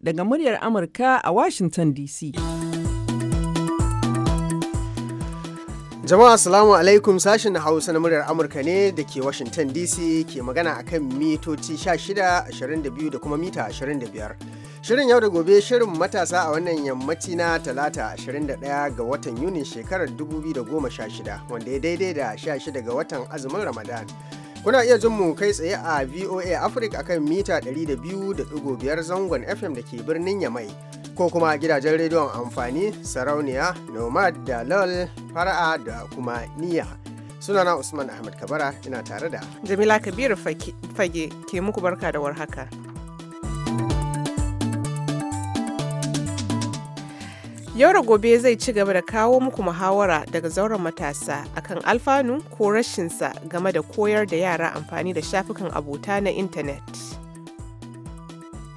Daga muryar Amurka a Washington DC. Jama'a Salamu alaikum sashen Hausa na muryar Amurka ne da ke Washington DC ke magana a kan mitoci 16, 22 da kuma mita 25. Shirin yau da gobe shirin matasa a wannan yammaci na talata 21 ga watan yuni shekarar 2016 wanda ya daidai da 16 ga watan azumin Ramadan. Kuna iya jin mu kai tsaye a VOA Africa akan mita 200.5 zangon FM da ke birnin Yamai ko kuma gidajen rediyon amfani sarauniya nomad da lol fara'a da kuma niya. Sunana Usman ahmed Kabara ina tare da Jamila Kabiru Fage ke muku barka da warhaka. haka. Yau da gobe zai ci gaba da kawo muku muhawara daga zauren matasa akan alfanu ko rashinsa game da koyar da yara amfani da shafukan abota na intanet.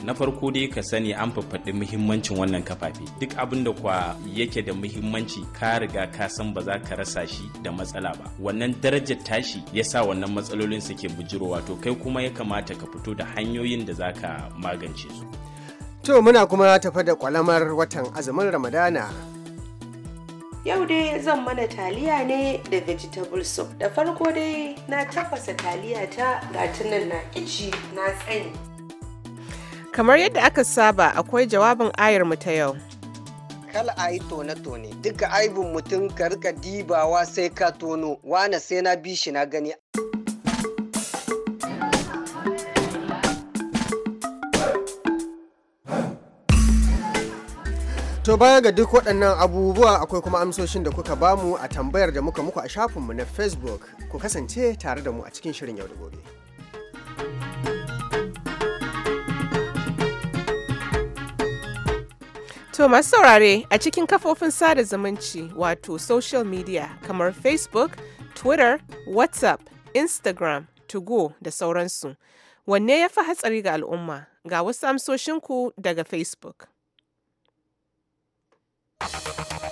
Na farko dai ka sani an faɗi muhimmancin wannan kafafe duk abin da kwa yake da muhimmanci ka riga ka san ba za ka rasa shi da matsala ba wannan darajar tashi ya sa wannan matsalolin suke bujirowa to kai kuma ya kamata ka fito da hanyoyin da za ka magance su. To muna kuma tafa da kwalamar watan azumin Ramadana. Yau dai zan mana taliya ne da vegetable soup. Da farko dai na tafasa taliya ta gatunan na kici na tsani. Kamar yadda aka saba akwai jawabin ayar mu ta yau. kala ayi tone-tone duka aibin mutum ka rika dibawa sai ka tono wane sai na bishi na gani. To baya ga duk waɗannan abubuwa akwai kuma amsoshin da kuka bamu a tambayar da muka muku a shafinmu na Facebook ku kasance tare da mu a cikin shirin yau da gobe. To masu saurare a cikin kafofin sada zumunci wato social media kamar Facebook, Twitter, WhatsApp, Instagram, Tugo da sauransu. Wanne ya fi hatsari ga al'umma? Ga wasu amsoshinku daga Facebook. Thank you.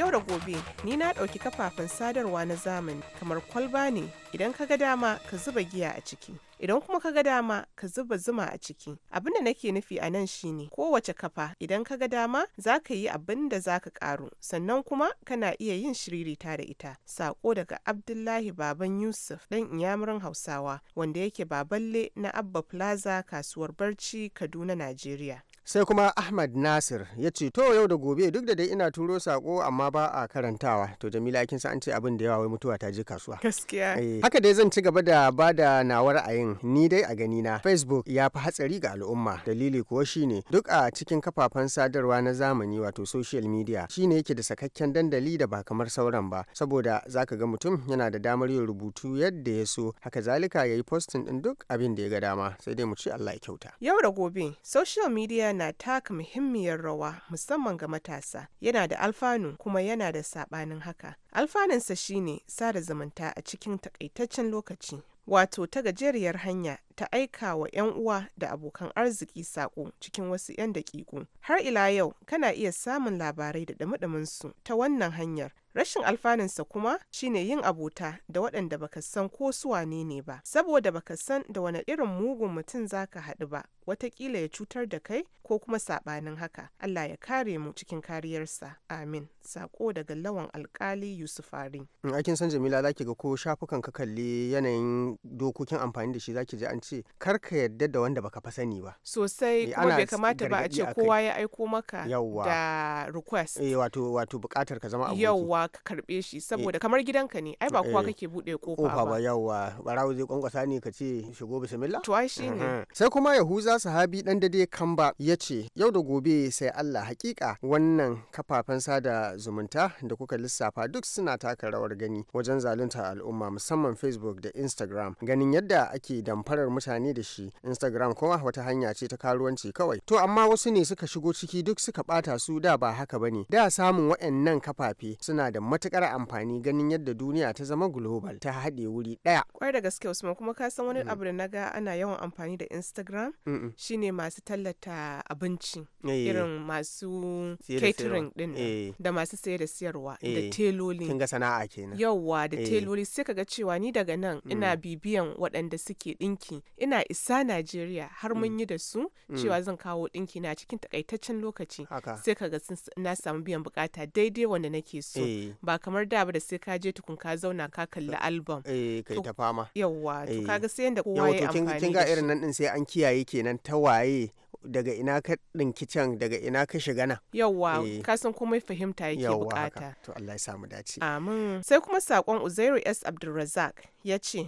Yau da gobe ni na ɗauki kafafen sadarwa na zamani kamar kwalba ne idan ka ga dama ka zuba giya a ciki. Idan kuma ka ga dama ka zuba zuma a ciki. Abin da nake nufi a nan shine kowace kafa idan ka ga dama za ka yi abin da za ka karu sannan kuma kana iya yin shiririta da ita. Sako daga Abdullahi Baban Yusuf ɗan inyamurin Hausawa wanda yake baballe na Abba Plaza kasuwar Barci Kaduna Najeriya. sai kuma ahmad nasir ya ce to yau da gobe duk da dai ina turo sako amma ba a karantawa to jamila kin san an ce abin da yawa wai mutuwa ta je kasuwa gaskiya eh, haka dai zan ci gaba da ba da nawar yin ni dai a gani na facebook ya fi hatsari ga al'umma dalili kuwa shine duk a cikin kafafen sadarwa na zamani wato social media shine yake da sakakken dandali da ba kamar sauran ba saboda zaka ga mutum yana da damar yin rubutu yadda ya so haka zalika yayi posting din duk abin da ya ga dama sai dai mu ci Allah ya kyauta yau da gobe social media na taka muhimmiyar rawa musamman ga matasa. Yana da alfanu kuma yana da saɓanin haka. Alfanunsa shine sada zumunta a cikin takaitaccen lokaci, wato ta gajeriyar hanya ta aika wa 'yan uwa da abokan arziki sako cikin wasu 'yan daƙiƙu. Har ila yau kana iya samun labarai da ɗumi su ta wannan hanyar. Rashin alfanunsa kuma shine yin abota da waɗanda baka san ko su wane ne ba, saboda baka san da wani irin mugun mutum zaka haɗu ba, watakila ya cutar da kai ko kuma saɓanin haka. Allah ya kare mu cikin kariyarsa. Amin. Sako daga lawan alkali Yusuf Ari. In akin san Jamila zaki ga ko shafukan ka kalli yanayin dokokin amfani da shi zaki ji an ce kar ka yarda da wanda baka fa sani ba sosai eh, kuma bai kamata ba a ce kowa ya aiko maka da request eh wato wato bukatar ka zama aboki yawwa ka karbe shi saboda eh. kamar gidanka ne ai ba kowa eh. kake bude kofa ba ba yawwa barawo zai kwankwasa ne ka ce shigo bismillah to ai shine sai kuma yahuza sahabi dan dade kamba ya ce yau da gobe sai Allah hakika wannan kafafen sada zumunta da kuka lissafa duk suna taka rawar gani wajen zalunta al'umma musamman Facebook da Instagram ganin yadda ake damfarar mutane da shi instagram kuma wata hanya ce ta karuwanci kawai to amma wasu ne suka shigo ciki duk suka bata su da ba haka bane da samun waɗannan kafafe suna da matukar amfani ganin yadda duniya ta zama global ta haɗe wuri ɗaya kwai da gaske usman kuma ka san wani abu da naga ana yawan amfani da instagram shine masu tallata abinci eh. irin masu catering din eh. da masu saye da siyarwa da eh. teloli kinga sana'a kenan yawwa da teloli sai kaga cewa ni daga nan ina mm. bibiyan waɗanda suke ɗinki ina isa Najeriya har mun mm. yi da su mm. cewa zan kawo ɗinki na cikin takaitaccen lokaci sai ka ga na samu biyan bukata daidai wanda nake so eh. ba kamar da ba da sai ka je tukun ka zauna ka kalli album eh kai ta fama yawa to kaga eh. sai yanda kowa ya amfani kin ga irin nan din sai an kiyaye kenan ta waye daga ina ka ɗinki can daga ina ka shiga nan. Yawwa, eh. kasan kuma fahimta yake bukata. To Allah ya samu dace. Amin. Sai kuma sakon Uzairu S. Abdulrazak ya ce,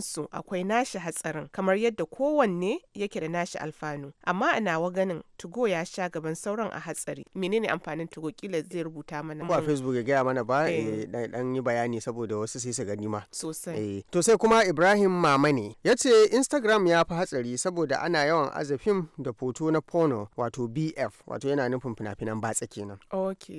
su akwai nashi hatsarin kamar yadda kowanne yake da nashi alfanu. Amma a nawa ganin Tugo ya sha gaban sauran a hatsari. Menene amfanin Tugo kila zai rubuta mana. Ba mm. Facebook ya gaya mana ba eh. Eh, dan yi bayani saboda wasu sai su gani ma. Sosai. To sai kuma Ibrahim ne. ya ce Instagram ya fi hatsari saboda ana yawan azafin da hoto na porno wato bf wato yana nufin fina-finan batsa kenan. ok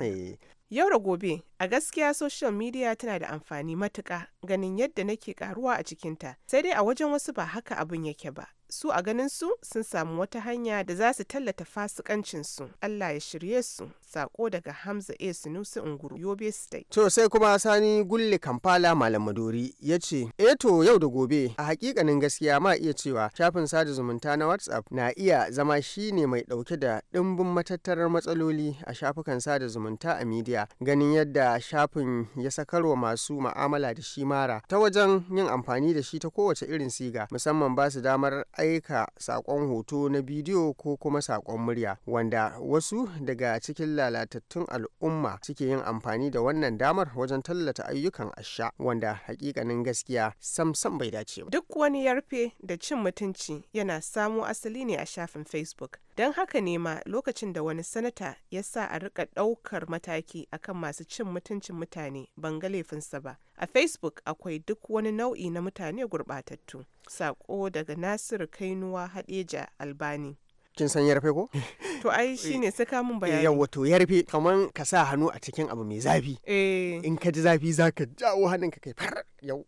eh. yau da gobe A gaskiya social media tana da amfani matuƙa ganin yadda nake karuwa a cikinta, sai dai a wajen wasu ba haka abin yake ba. Su a ganin su sun samu wata hanya da za su tallata fasikancinsu. Allah ya shirye su, sako daga Hamza A. Sunusi Unguru, Yobe State. To sai kuma Sani Gulle kamfala Malam Madori ya ce, "E to yau da gobe a hakikanin gaskiya ma iya cewa shafin sada zumunta na WhatsApp na iya zama shi ne mai ɗauke da ɗimbin matattarar matsaloli a shafukan sada zumunta a media ganin yadda shafin ya sakarwa masu ma'amala da shi mara ta wajen yin amfani da shi ta kowace irin siga musamman ba su damar aika sakon hoto na bidiyo ko kuma sakon murya wanda wasu daga cikin lalatattun al'umma suke yin amfani da wannan damar wajen tallata ayyukan asha wanda hakikanin gaskiya sam bai dace ba duk wani yarfe da cin mutunci yana samo asali ne a shafin facebook don haka ne ma lokacin da wani sanata ya sa a rika ɗaukar mataki akan masu cin mutuncin mutane ban ga laifinsa ba a facebook akwai duk wani nau'i na mutane gurɓatattu sako daga nasiru kainuwa hadeja albani kin san yarfe ko to ai shine sai ka mun bayani yawa to yarfe kaman ka sa hannu a cikin abu mai zafi eh. in ka ji zafi zaka jawo ka kai far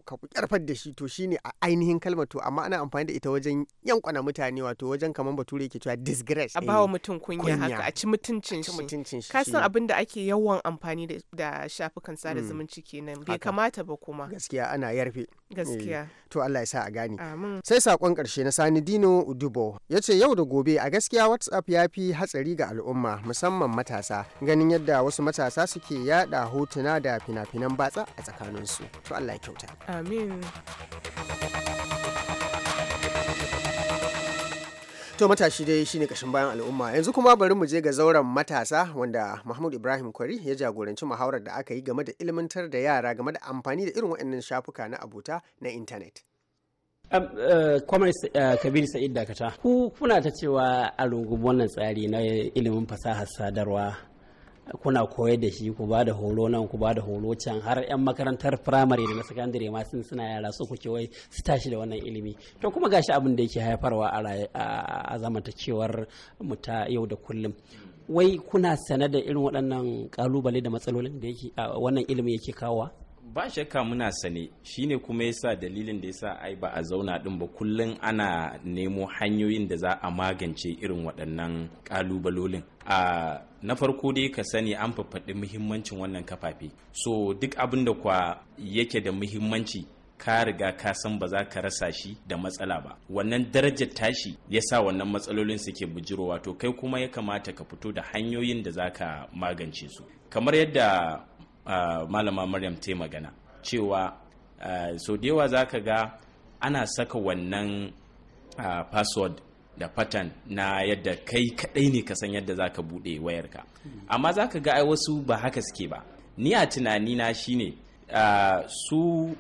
ka kyarfar da shi to shine a ainihin kalmar to amma ana amfani da ita wajen yankwana mutane wato wajen kamar bature yake cewa disgrace a bawa eh, mutum kunya haka a ci mutuncin shi ka san abin da ake yawan amfani da shafukan sada mm. zumunci kenan bai kamata ba kuma gaskiya ana yarfe gaskiya eh, to Allah ya sa a gane sai sakon karshe na Sani Dino Udubo yace yau da gobe a gaskiya WhatsApp ya fi hatsari ga al'umma musamman matasa ganin yadda wasu matasa suke yada hotuna da fina-finan batsa a tsakaninsu to Allah ya kyau. mata. Amin. To matashi dai shine kashin bayan al'umma yanzu kuma bari mu je ga zauren matasa wanda Mahmud Ibrahim Kwari ya jagoranci muhawarar da aka yi game da ilmantar da yara game da amfani da irin waɗannan shafuka na abuta na intanet. kwamar eh, eh, kabir sa'id dakata ku kuna ta cewa a rungumi wannan tsari na ilimin fasahar sadarwa kuna koyar da shi ku ba da horo nan ku ba da horo can har 'yan makarantar firamare da na sakandare ma sun suna yara su kuke wai su tashi da wannan ilimi to kuma gashi abin da yake haifarwa a zamantakewar mu ta yau da kullum wai kuna sane da irin waɗannan kalubale da matsalolin da yake wannan ilimin yake kawowa ba shakka muna sane shine kuma yasa dalilin da ya yasa ai ba a zauna din ba kullum ana nemo hanyoyin da za a magance irin waɗannan ƙalubalolin a na farko dai ka sani an faɗi muhimmancin wannan kafafe so duk abin da kwa yake da muhimmanci ka riga ka san ba za ka rasa shi da matsala ba wannan darajar tashi ya sa wannan matsalolin suke bujirowa wato kai kuma ya kamata ka fito da hanyoyin da za ka magance su kamar yadda malama maryam ta magana cewa so da yawa za ka ga ana saka wannan password da pattern na yadda kai kadai ne ka san yadda za ka buɗe wayarka amma za ka ga ai wasu ba haka suke ba ni a tunanina shine uh, su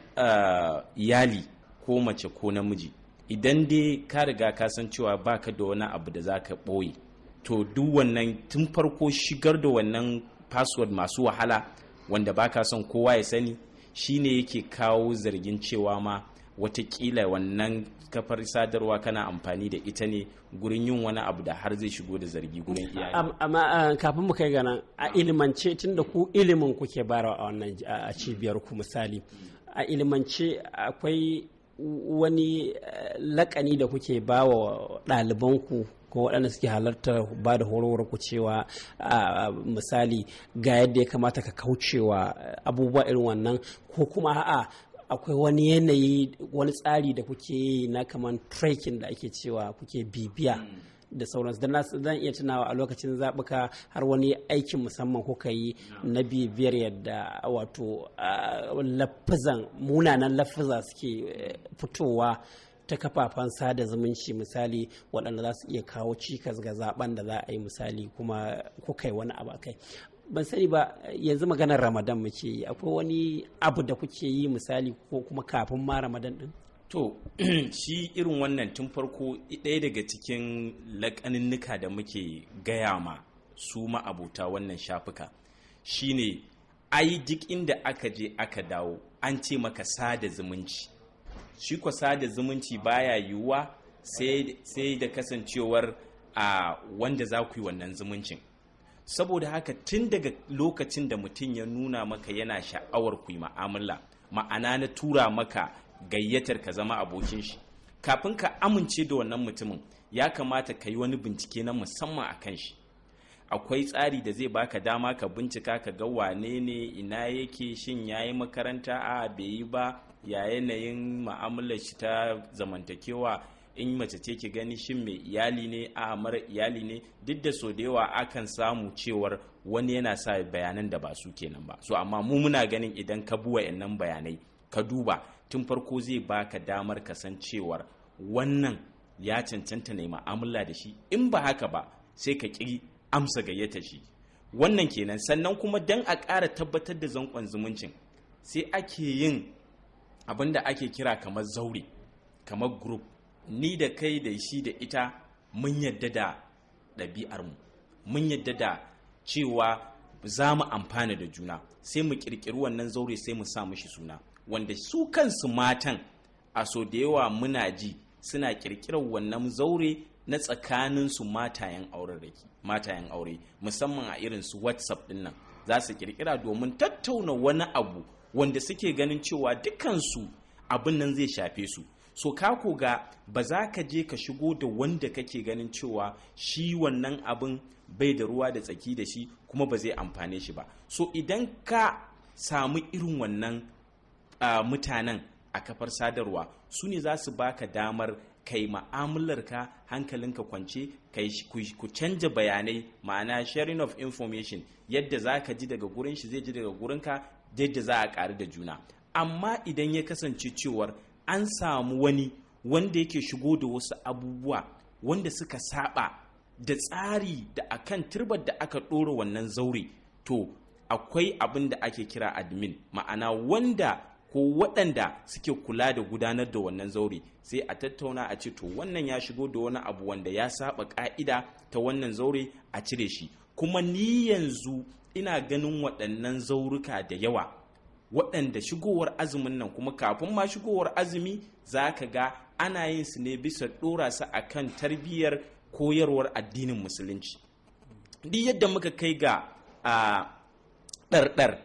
iyali ko mace ko namiji idan dai ka riga ka san cewa ba ka da wani abu da za ka ɓoye to duk wannan tun farko shigar da wannan password masu wahala wanda baka son kowa ya sani shi ne yake kawo zargin cewa ma watakila wannan kafar sadarwa kana amfani da ita ne gurin yin wani abu da har zai shigo da zargi gurin iyaye amma ah, kafin mu kai ga nan a ilimance tunda ku ilimin kuke bara a wannan cibiyar ku misali a ilimance akwai wani eh, lakani da kuke bawa wa ɗalibanku ko waɗanda suke halartar ba da horowar ku cewa misali ga yadda ya kamata ka kaucewa abubuwa irin wannan ko kuma a'a akwai wani yanayi wani tsari da kuke yi na kamar trekking da ake cewa kuke bibiya da sauransu don zan iya tunawa a lokacin zaɓuka har wani aikin musamman kuka yi na bibiyar yadda wato lafizan munanan lafiza suke eh, fitowa ta kafafen sada zumunci misali waɗanda za su iya kawo cikas ga zaben da za a yi misali kuma ko kai wani abu kai ban sani ba yanzu maganar ramadan muke yi akwai wani abu da kuke yi misali ko kuma kafin ma ramadan din to shi irin wannan tun farko ɗaya daga cikin laƙaninnuka da muke gaya ma su ma abota wannan shafuka shine ai duk inda aka je aka dawo an ce maka sada zumunci shi ko sada zumunci baya yiwuwa sai da kasancewar a wanda za ku yi wannan zumuncin saboda haka tun daga lokacin da mutum ya nuna maka yana sha'awar ku yi ma'amala ma'ana na tura maka gayyatar ka zama abokin shi kafin ka amince da wannan mutumin ya kamata ka yi wani bincike na musamman a kan shi akwai tsari da zai baka dama ka bincika ka ga wane ne ina yake shin ya yi makaranta a bai yi ba ya yanayin ma'amalar shi ta zamantakewa in mace ce ki gani shin mai iyali ne a mara iyali ne duk da so da yawa akan samu cewar wani yana sa bayanan da ba su kenan ba so amma mu muna ganin idan ka buwa nan bayanai ka duba tun farko zai baka damar ka san kasancewar wannan ya cancanta ne ma'amala da shi in ba haka ba sai ka ƙi amsa gayyata shi wannan kenan sannan kuma dan a ƙara tabbatar da zankon zumuncin sai ake yin abin da ake kira kamar zaure kamar group ni da kai da shi da ita mun yadda da ɗabi'armu mun yadda da cewa za mu amfana da juna sai mu ƙirƙiri wannan zaure sai mu sa mushi suna wanda su kansu matan a so da yawa muna ji suna ƙirƙirar wannan zaure na tsakaninsu matayen matayen aure musamman a irin su whatsapp ɗin nan za su ƙirƙira domin tattauna wani abu wanda suke ganin cewa dukansu abin nan zai shafe su so ka ga ba za ka je ka shigo da wanda kake ganin cewa shi wannan abin bai da ruwa da tsaki da shi kuma ba zai amfane shi ba so idan ka samu irin wannan uh, mutanen a kafar sadarwa su ne za su baka damar kai ka hankalinka kwance kai ku canja bayanai ma'ana sharing of information yadda za ka ji daga gurin shi zai ji daga gurinka yadda za a ƙaru da juna amma idan ya kasance cewar an samu wani wanda yake shigo da wasu abubuwa wanda suka saba da tsari da akan turbar da aka ɗora wannan zaure to akwai abin da ake kira admin ma'ana wanda ko waɗanda suke kula da gudanar da wannan zaure sai a tattauna a ce to wannan ya shigo da wani abu wanda ya saba ƙa'ida ta wannan zaure a cire shi kuma ni yanzu ina ganin waɗannan zauruka da yawa waɗanda shigowar azumin nan kuma kafin ma shigowar azumi za ka ga ana yin su ne bisa ɗora su a kan tarbiyyar koyarwar addinin musulunci duk yadda muka kai ga ɗarɗar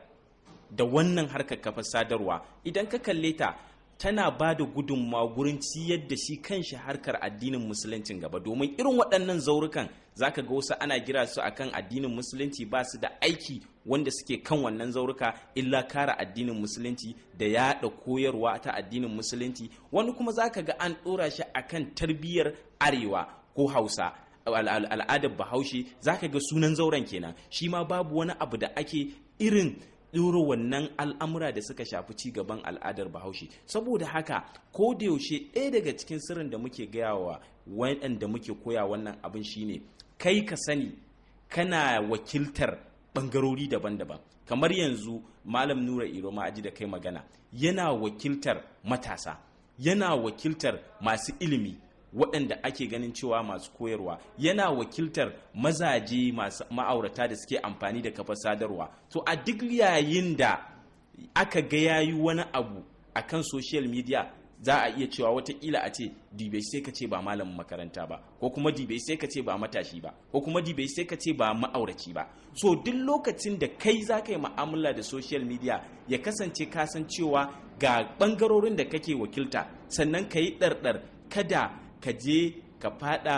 da wannan harkar kafa sadarwa idan ka kalle ta tana ba da gudunmawa gurin ciyar da shi kan shi harkar addinin musuluncin gaba domin irin waɗannan zaurukan zaka ga wasu ana gira su akan addinin musulunci ba su da aiki wanda suke kan wannan zauruka illa kara addinin musulunci da yaɗa koyarwa ta addinin musulunci wani kuma zaka ga an ɗora shi akan tarbiyyar arewa ko hausa al'adar bahaushe zaka ga sunan zauren kenan shi ma babu wani abu da ake irin ɗoro wannan al'amura da suka shafi ci gaban al'adar bahaushe saboda haka ko da yaushe ɗaya daga cikin sirrin da muke gaya wa waɗanda muke koya wannan abin shine kai ka sani kana wakiltar ɓangarori daban-daban kamar yanzu malam nura iro aji da kai magana yana wakiltar matasa yana wakiltar masu ilimi waɗanda ake ganin cewa masu koyarwa yana wakiltar mazaje masu ma'aurata da suke amfani da kafa sadarwa to a duk yayin da aka ga yayi wani abu akan social media za a iya cewa watakila a ce dibe sai ka ce ba malamin makaranta ba ko kuma dibe sai ka ce ba matashi ba ko kuma dibe sai ka ce ba ma'auraci ba so duk lokacin da kai za ka yi mu'amala da social media ya kasance ka cewa ga bangarorin da kake wakilta sannan ka yi ɗarɗar kada ka je ka fada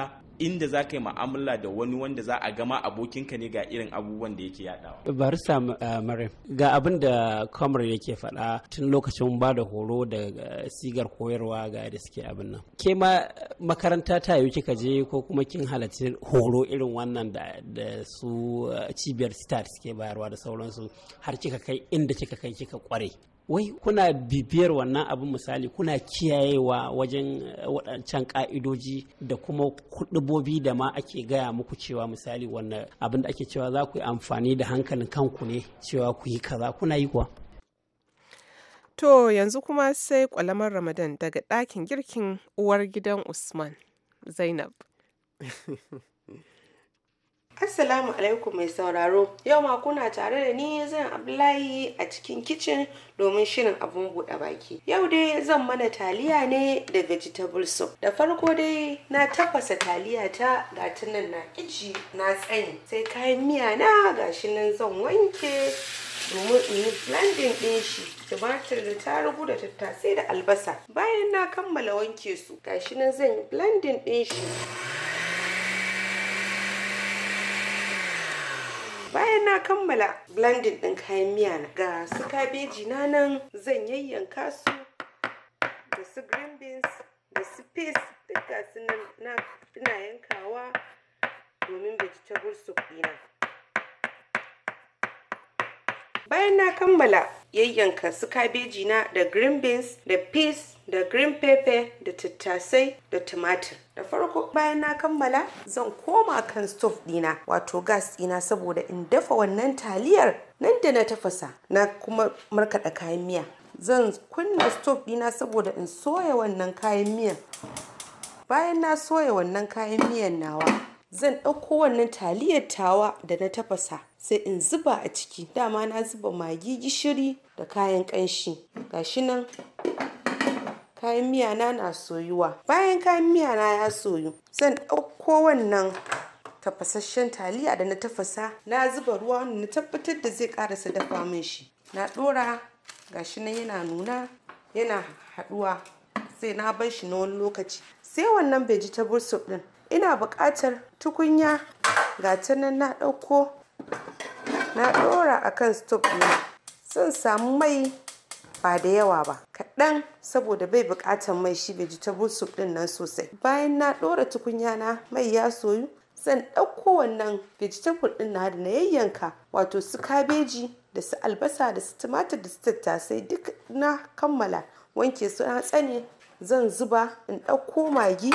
inda za ka yi ma'amala da wani wanda za a gama abokinka ne ga irin abubuwan da yake yadawa. barista uh, marim ga abin da kamar yake faɗa tun lokacin ba da horo da uh, sigar koyarwa ga da suke abin nan ke ma makaranta ta yi kika je ko kuma kin halarci horo irin wannan da su uh, cibiyar start suke bayarwa da sauransu har kika kai inda kika kai kika kware wai kuna bibiyar wannan abin misali kuna kiyayewa wajen eh, waɗancan ka'idoji da kuma kuɗubobi da ma ake gaya muku cewa misali wannan abin da ake cewa za ku yi amfani da hankalin kanku ne cewa ku yi kaza kuna yi kuwa to yanzu kuma sai kwalamar ramadan daga ɗakin girkin uwar gidan usman zainab Assalamu alaikum mai sauraro, yau ma kuna tare da ni zan layi a cikin kicin domin shirin abun buɗe baki. Yau dai zan mana taliya ne da vegetable soup. Da farko dai na tafasa taliya ta ga nan na iji na tsayi. Sai kayan miya na gashi nan zan wanke domin in yi blending ɗin shi. Tumatir da tarugu da tattasai da albasa. Bayan na kammala wanke su, gashi nan zan yi blending ɗin shi. bayan na kammala blending ɗin kayan miya na ga su kabeji na nan zan yayyanka su da su green beans da su peas duk su nan na ina yankawa domin vegetable soup ɗina bayan na kammala yayyanka su kabeji na da green beans da peas da green pepper da tattasai da tumatir da farko bayan na kammala zan koma kan stove dina wato gas dina saboda in dafa wannan taliyar nan da na tafasa na kuma markaɗa kayan miya zan kunna stove dina saboda in soya wannan kayan miyan bayan na soya wannan kayan miyan nawa zan ɗauko wannan taliyar tawa da na tafasa sai in zuba a ciki dama na zuba magi gishiri da kayan ƙanshi gashi nan kayan miya na na soyuwa bayan kayan miya na ya soyu zan ɗauko wannan tafasasshen taliya da na tafasa na zuba ruwa na tabbatar da zai karasa dafa min shi na ɗora gashi nan yana nuna yana haɗuwa sai na bar shi na wani lokaci sai wannan vegetable soup ɗin ina buƙatar tukunya ga ta nan na ɗauko na ɗora a kan stove ɗin zan samu mai ba da yawa ba kaɗan saboda bai buƙatar mai shi vegetable soup ɗin nan sosai bayan na ɗora tukunya na mai ya soyu zan ɗauko wannan vegetable ɗin na da na yayyanka wato su kabeji da su albasa da su tumatir da su tattasai duk na kammala wanke su na tsane zan zuba in ɗauko magi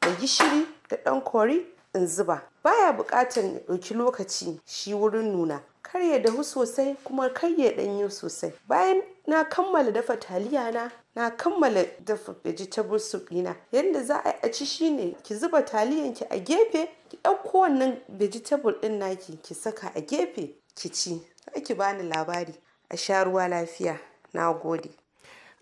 da gishiri da ɗan kori in zuba baya buƙatar ɗauki lokaci shi wurin nuna kar ya dahu sosai kuma kar ya sosai bayan na kammala dafa taliya na na kammala dafa vegetable soup ɗina yadda za a yi a ci shine ki zuba taliyan ki a gefe ki ɗauko wannan vegetable ɗin naki ki saka a gefe ki ci ki bani labari a sha ruwa lafiya na gode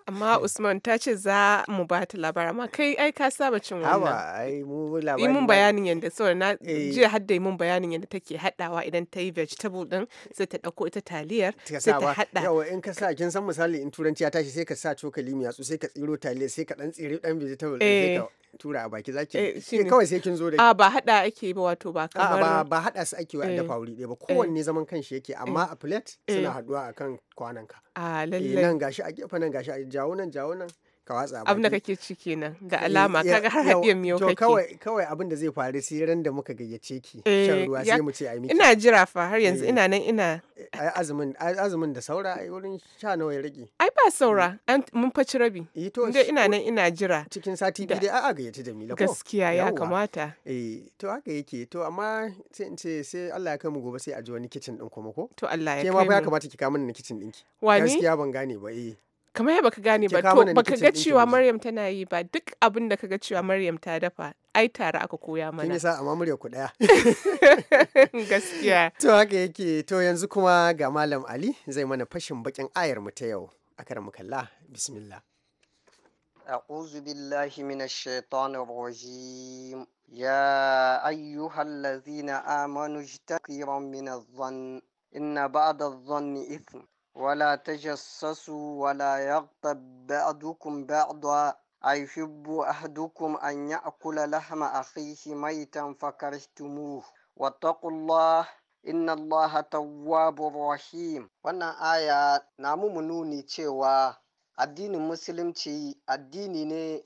amma usman ta ce za mu ba ta labar amma kai ai ka saba cin wannan awa ai mu mun bayanin yadda saboda na eh. jiya hadda mun bayanin yadda take hadawa idan ta yi vegetable din sai ta ɗauko ita taliyar sai ta hada yawa in ka sa kin san misali in turanci ya tashi sai ka sa cokali mai yatsu sai ka tsiro taliyar sai ka ɗan tsiri ɗan vegetable sai eh. tura a baki zaki eh, kawai sai kin zo da a ba hada ake ba wato ba kamar ba ba hada su ake wa a eh, dafa wuri ɗaya ba kowanne eh, zaman kanshi yake amma eh, a plate suna haduwa akan kwananka a lalle nan gashi a gefe nan gashi a jawo nan jawo nan ka watsa abu da kake ci kenan da eh, alama ga har haɗiyar miyau kake kawai kawai abin da zai faru sai ran da muka gayyace ki shan eh, ruwa sai mu ce ai miki ina jira fa har yanzu eh. ina nan ina ai azumin azumin da saura ai wurin sha nawa ya rage ai ba hmm. saura mun faci rabi inda ina nan ina jira cikin sati biyu dai a gayyace Jamila ko gaskiya ya kamata eh to haka yake to amma sai in ce sai Allah ya kai mu gobe sai a ji wani kitchen din kuma ko to Allah ya kai mu ke ma ba ya kamata ki kawo mana kitchen ɗinki gaskiya ban gane ba eh kamar yaba baka gane ba to baka ga cewa Maryam tana yi ba duk abin da ga cewa Maryam ta dafa ai tare aka koya mana kin sa amma murya ku daya gaskiya to haka yake to yanzu kuma ga malam Ali zai mana fashin bakin ayar mu ta yau akar kalla bismillah أعوذ بالله من الشيطان الرجيم يا أيها الذين آمنوا اجتكرا من الظن إن بعد الظن إثم ولا تجسسوا ولا يغتب بعضكم بعضا أيحب أحدكم أن يأكل لحم أخيه ميتا فكرهتموه واتقوا الله إن الله تواب رحيم wannan aya na mu nuni cewa addinin musulunci addini ne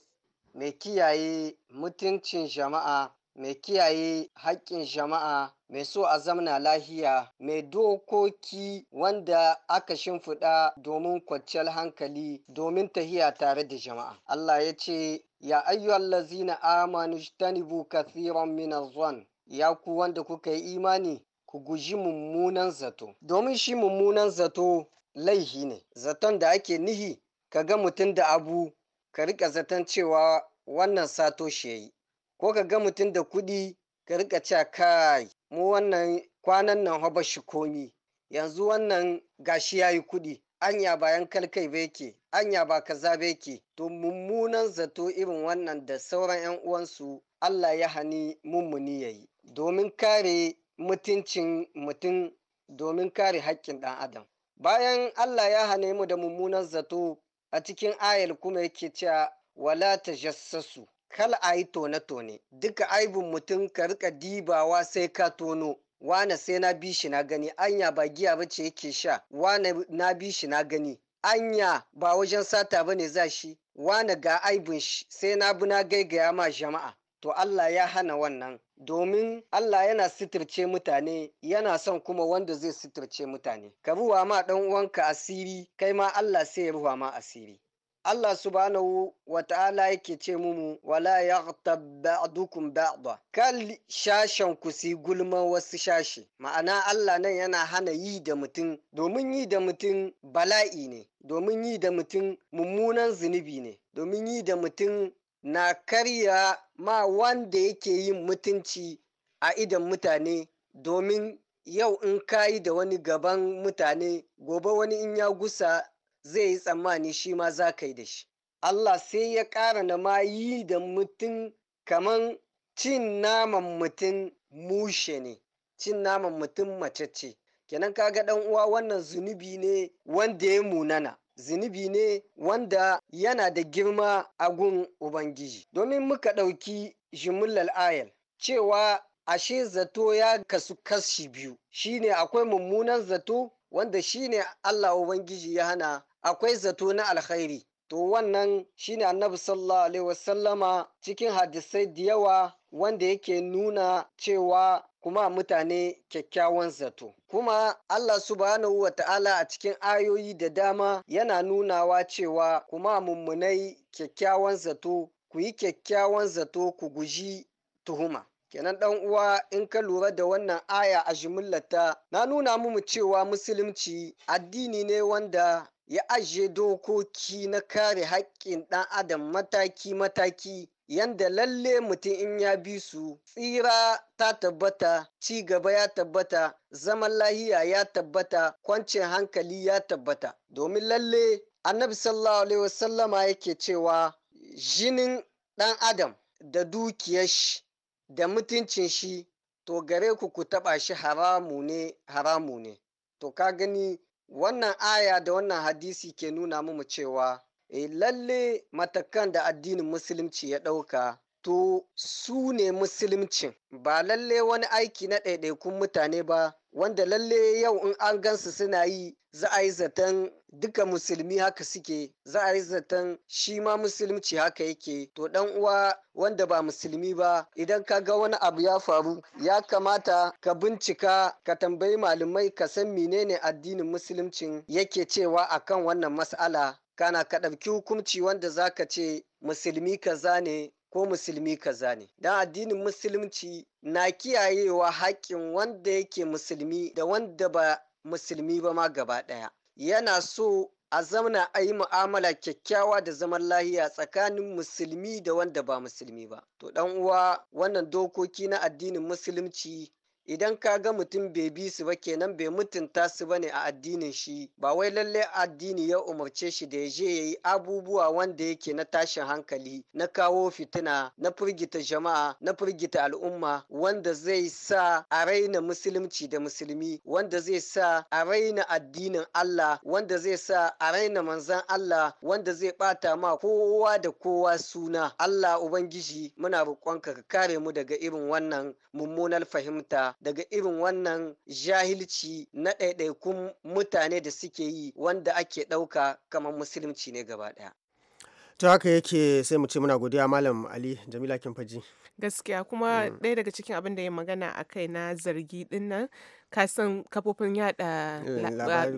mai kiyaye mutuncin jama'a mai kiyaye haƙƙin jama'a mai so a zamana lahiya mai dokoki wanda aka shimfiɗa domin kwanciyar hankali domin tahiya tare da jama'a Allah ya ce ya ayyuhallazina amanu tanibu kathiran min ya ku wanda kuka yi imani ku guji mummunan zato domin shi mummunan zato laihi ne zaton da ake nihi ka ga mutum da abu ka rika zaton cewa wannan sato shi ya yi, ko ka ga mutum da kuɗi ka rika cewa kai mu wannan kwanan nan haba shi komi yanzu wannan gashi yayi kuɗi anya bayan kalkai ba yake anya ba kaza ba yake to mummunan zato irin wannan da sauran 'yan uwansu Allah ya hani mummuni yayi domin kare mutuncin mutum domin kare haƙƙin ɗan adam bayan Allah ya hane mu da mummunan zato a cikin ayar kuma yake cewa wala tajassasu kala a yi tone-tone duka aibin mutum ka rika dibawa sai ka tono wane sai na bi shi na gani anya ba giya ba ce yake sha wane na bi shi na gani anya ba wajen sata ba ne za shi wane ga aibin shi sai na bi na gaigaya ma jama'a to Allah ya hana wannan domin Allah yana sitirce mutane yana son kuma wanda zai sitirce mutane ka ruwa ma ɗan uwanka asiri kai ma Allah sai ya ruwa ma asiri Allah subhanahu wa ta'ala yake ce mumu wala ya ba'dukum ba'da kal shashan ku si gulma wasu shashi ma'ana Allah nan yana hana yi da mutum domin yi da mutum bala'i ne domin yi da mutum mummunan zunubi ne domin yi da mutum na karya ma wanda yake yin mutunci a idan mutane domin yau in kayi da wani gaban mutane gobe wani in ya gusa zai yi tsammani shi ma za ka yi da shi Allah sai ya ƙara na ma yi da mutum kaman cin naman mutum mushe ne cin naman mutum mace ce kenan kaga ɗan uwa wannan zunubi ne wanda ya munana zunubi ne wanda yana da girma a gun ubangiji domin muka ɗauki jimillar ayal cewa ashe zato ya kasu kashi biyu shine akwai mummunan zato wanda shine Allah Ubangiji ya hana akwai zato na alkhairi to wannan shine annabi sallallahu alaihi wasallama cikin hadisai da yawa wanda yake nuna cewa kuma mutane kyakkyawan zato kuma Allah subhanahu wa ta'ala a cikin ayoyi da dama yana nunawa cewa kuma mummunai kyakkyawan zato ku yi kyakkyawan zato ku guji tuhuma kenan dan uwa in ka lura da wannan aya a jimillata na nuna mu cewa musulunci addini ne wanda ya ajiye dokoki na kare haƙƙin ɗan adam mataki-mataki yanda lalle mutum in ya bi su tsira ta tabbata ci gaba ya tabbata zaman lahiya ya tabbata kwancin hankali ya tabbata domin lalle annabi sallallahu alaihi wasallama yake cewa jinin ɗan adam da dukiyar shi da mutuncin shi to gare ku ku taɓa shi haramu ne haramu ne to ka gani wannan aya da wannan hadisi ke nuna mu cewa e, lalle matakan da addinin musulunci ya ɗauka to su ne musuluncin ba lalle wani aiki na ɗaiɗaikun mutane ba wanda lalle yau in an gansu suna yi za a yi zaton duka musulmi haka suke za a yi zaton shi ma musulunci haka yake to dan uwa wanda ba musulmi ba idan ka ga wani abu ya faru ya kamata ka bincika ka tambayi malumai ka san menene addinin musulmcin yake cewa akan wannan mas'ala kana ka ɗauki hukunci wanda zaka ce musulmi kaza ne ko musulmi kaza ne dan addinin musulunci na kiyayewa haƙƙin wanda yake musulmi da wanda ba musulmi ba ma gaba ɗaya yana so a zamana a yi mu'amala kyakkyawa da zaman lahiya tsakanin musulmi da wanda ba musulmi ba to dan uwa wannan dokoki na addinin musulunci idan ka ga mutum bai bi su ba kenan bai mutunta su ba ne a addinin shi ba wai lalle addini ya umarce shi da ya je ya yi abubuwa wanda yake na tashin hankali na kawo fitina na firgita jama'a na firgita al'umma wanda zai sa a raina musulunci da musulmi wanda zai sa a raina addinin Allah wanda zai sa a raina manzan Allah wanda zai bata ma kowa da kowa suna Allah ubangiji muna roƙonka ka kare mu daga irin wannan mummunar fahimta daga irin wannan jahilci na ɗaiɗaikun mutane da suke yi wanda ake ɗauka kamar musulunci ne gaba ɗaya. ta haka yake sai mu ce muna godiya malam ali jamila kimfaji gaskiya kuma mm. ɗaya daga cikin abin da ya magana a kai na zargi dinnan ka san kafofin yada eh,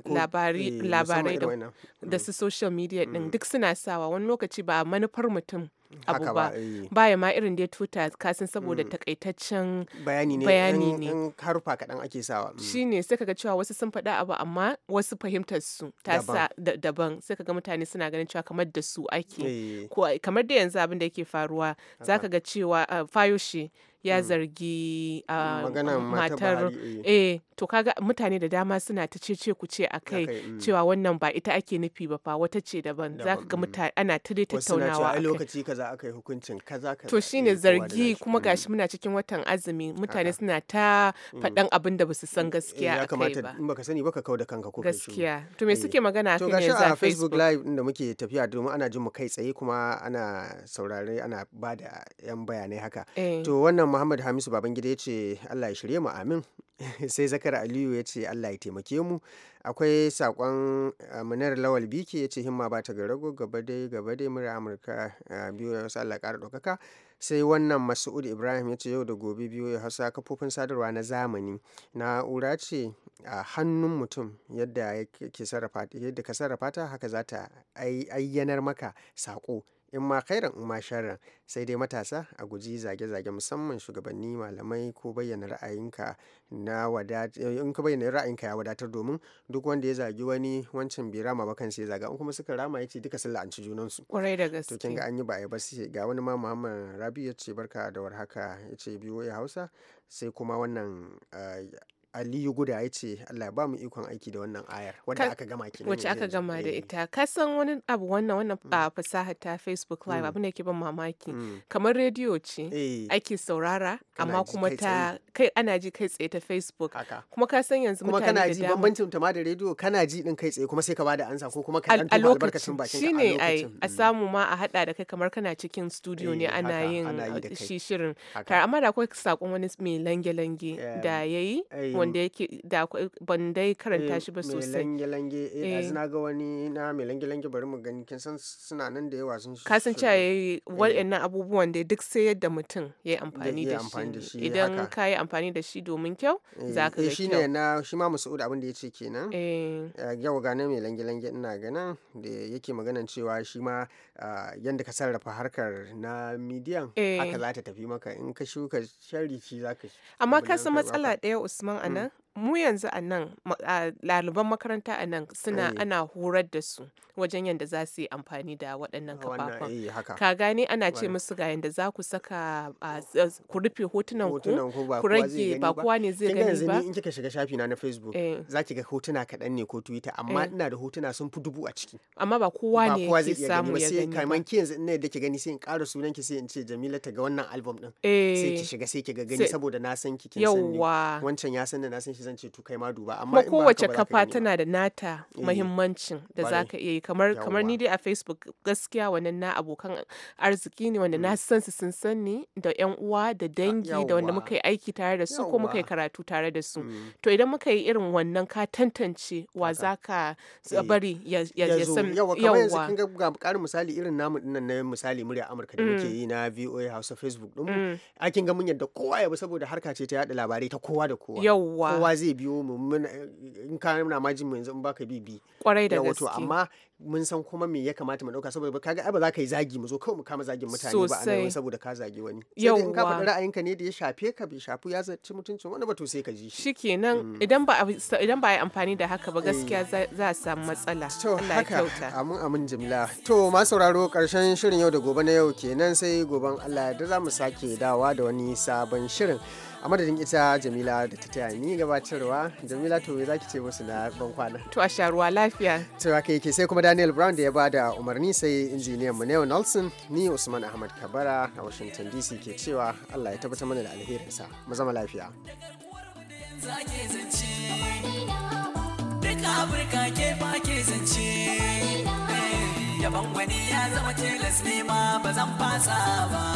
labarai eh, da mm. su social media din mm. duk suna sawa wani lokaci ba manufar mutum abu ba eh. ya ma irin ya tuta kasan saboda mm. takaitaccen bayani ne In harufa kaɗan ake sawa shi ne sai kaga cewa wasu sun faɗa abu amma wasu fahimtar su ta sa daban sai kaga mutane suna ganin cewa kamar da su ake ko kamar da yanzu abin da yake faruwa zaka ga cewa ah, fayoshi ya mm. zargi um, matar eh. eh to kaga mutane da dama suna ta cece ku ce a kai mm. cewa wannan ba ita ake nufi ba fa wata ce daban za ka ga mm. mutane ana ta dai tattaunawa a lokaci kaza aka yi hukuncin kaza kaza to shine eh, zargi kuma gashi muna cikin watan azumi mutane suna ta faɗan abin da basu san gaskiya ya ba in baka sani baka kauda kanka ko gaskiya to me eh. suke magana kan yanzu a Facebook live inda muke tafiya domin ana jin mu kai tsaye kuma ana saurare ana bada yan bayanai haka to wannan malam muhammad hamisu babangida ya ce allah ya shirye mu amin sai zakar aliyu ya ce allah ya taimake mu akwai sakon eh, munar lawal biki ya ce himma ba ta rago gaba dai gaba dai mura amurka eh, biyu ya wasu allah ƙara ɗaukaka sai wannan masud ibrahim ya ce yau da gobe biyu ya hasa kafofin sadarwa na zamani na'ura ce a hannun mutum yadda ka sarrafa ta haka za ta ayyanar maka sako in ma kai in ma sharran sai dai matasa a guji zage-zage musamman shugabanni malamai ko bayyana ra'ayinka na in ka bayyana ra'ayinka ya wadatar domin duk wanda ya zagi wani wancan bai rama ba kansa ya zaga in kuma suka rama yace duka sun la'anci junan su kwarai da gaske to kin ga an yi ba ba sai ga wani ma Muhammad Rabi yace barka da warhaka yace biyo ya Hausa sai kuma wannan ah, aliyu guda ya ce allah ba mu ikon aiki da wannan ayar wadda aka gama kenan wacce aka gama da eh. ita kasan wani abu wannan wannan mm. fasaha ta facebook live abu ne ke ban mamaki mm. kamar rediyo ce eh. ake saurara amma kuma ta kai ana ji kai tsaye ta facebook kuma ka san yanzu mutane da dama kuma kana ji bambancin ta ma da rediyo kana ji din kai tsaye kuma sai ka bada ansa ko kuma ka dan tuma albarkacin bakin shi ne shine ai a mm. samu ma a hada da kai kamar kana cikin studio ne eh, ana yin shi shirin amma da akwai sakon wani mai lange-lange da yayi wanda yake da ban dai karanta eh, shi ba sosai. Mai lange-lange, eh, eh. a na ga wani na mai lange-lange bari mu gani, kin san suna nan da yawa sun Ka san cewa yayi eh. wa'annan abubuwan da duk sai yadda mutum ya yi amfani da shi. Idan ka yi amfani da shi domin kyau, za ka ga kyau. Shi ne na, shi ma Musu'ud abin da ya ce kenan. Yau gane mai lange-lange ina ganin da yake maganan cewa shi ma ah, yadda ka sarrafa harkar na midiyan, haka za ta tafi maka in ka shuka sharri shi za ka Amma ka san matsala ɗaya Usman a Anna mu yanzu a nan ɗaliban makaranta a nan suna eh. ana horar da su wajen yadda za su yi amfani da waɗannan ah, kafafen eh, ka gani ana ce musu ga yadda za ku saka ku rufe hotunan ku ku rage ba kowa ne zai gani ba yanzu in kika shiga shafi na na facebook eh. za ki ga hotuna kaɗan ne ko twitter amma ina da hotuna sun fi dubu a ciki amma ba kowa ne zai samu ya gani ba kaman ki yanzu ina da ki gani sai in ƙara sunan ki sai in ce Jamila ta ga wannan album din sai ki shiga sai ki ga gani saboda na san ki kin san ni wancan ya san da na san shi zan ce to kai ma duba amma in kowace kafa tana da nata eh, muhimmancin da zaka iya yi kamar kamar ni dai a Facebook gaskiya wannan na abokan arziki ne wanda na mm. san su sun san ni da yan uwa da dangi da wanda muka yi aiki tare da su ko muka yi karatu tare da su mm. to idan muka yi irin wannan ka tantance wa zaka eh. bari ya san yawa kamar yanzu kin ga karin misali irin namu dinnan na misali murya Amurka da muke mm. yi na VOA Hausa Facebook din mu akin ga mun yadda kowa ya bi saboda harka ce ta yada labarai ta kowa da kowa kowa zai biyo mu in ka na ma jin mu yanzu in baka bibi kwarai da gaske amma mun san kuma me ya kamata mu dauka saboda kaga ai ba za ka yi zagi mu zo kawai mu kama zagin mutane ba a saboda ka zagi wani sai in ka faɗi ra'ayinka ne da ya shafe ka bai shafu ya zaci mutuncin wani ba to sai ka ji shi kenan mm. idan ba idan ba yi amfani da haka ba eh. gaskiya za a samu matsala to haka amin amin jimla to ma sauraro karshen shirin yau da gobe na yau kenan sai goben Allah da za mu sake dawa da wani sabon shirin a madadin ita jamila da ta taya ni gabatarwa jamila to me zaki ce musu na ban kwana to a sha ruwa lafiya to haka yake sai kuma daniel brown da ya ba da umarni sai injiniyan mu neo nelson ni usman ahmad kabara a washington dc ke cewa allah ya tabbatar mana da alherinsa mu zama lafiya Duka Afirka ke ke zance, eh, yaban wani ya zama tilas lasne ma ba zan fasa ba.